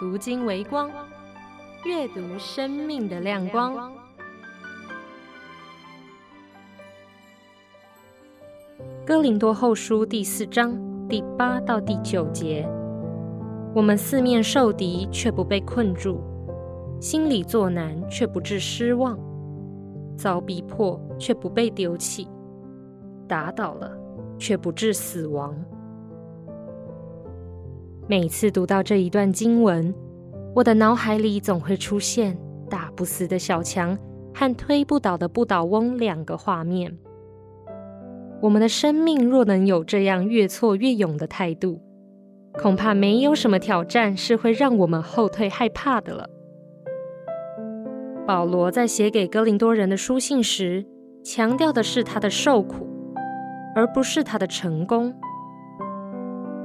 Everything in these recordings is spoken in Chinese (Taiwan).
讀經微光，閱讀生命的亮光。《哥林多後書》第四章第八到第九節：我們四面受敵，卻不被困住；心裡作難，卻不至失望；遭逼迫，卻不被丟棄；打倒了，卻不至死亡。每次讀到這一段經文，我的腦海裡總會出現打不死的小強和推不倒的不倒翁兩個畫面。我們的生命若能有這樣越挫越勇的態度，恐怕沒有什麼挑戰是會讓我們後退害怕的了。保羅在寫給哥林多人的書信時，強調的是他的受苦，而不是他的成功。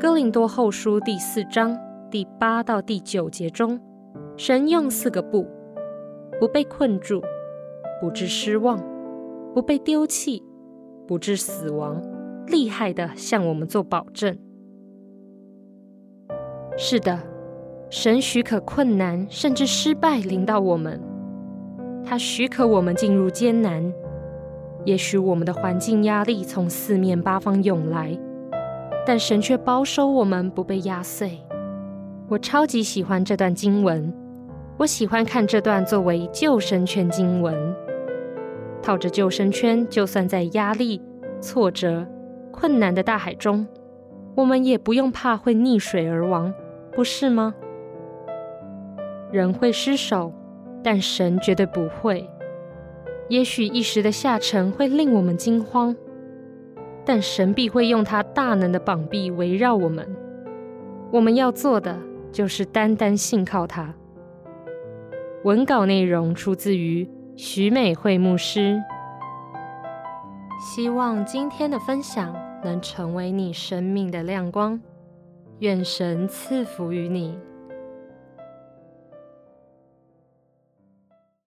哥林多後書第四章第八到第九節中，神用四個不：不被困住，不致失望，不被丟棄，不致死亡，厲害的向我們做保證。是的，神許可困難甚至失敗臨到我們，他許可我們進入艱難。也許我們的環境壓力從四面八方湧來。但神卻保守我們，不被壓碎。我超級喜歡這段經文，我喜歡看這段作為救生圈經文。套着救生圈，就算在壓力、挫折、困難的大海中，我們也不用怕會溺水而亡，不是嗎？人會失手，但神絕對不會。也許一時的下沉會令我們驚慌。但神必會用他大能的膀臂圍繞我們，我們要做的就是單單信靠他。文稿內容出自於許美惠牧師，希望今天的分享能成為你生命的亮光，願神賜福於你。